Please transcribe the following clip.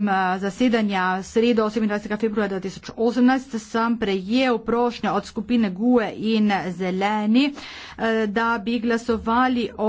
Eh, zasedanja sredo 27. februarja 2018 sem prejel prošnjo od skupine GUE in Zeleni, eh, da bi glasovali o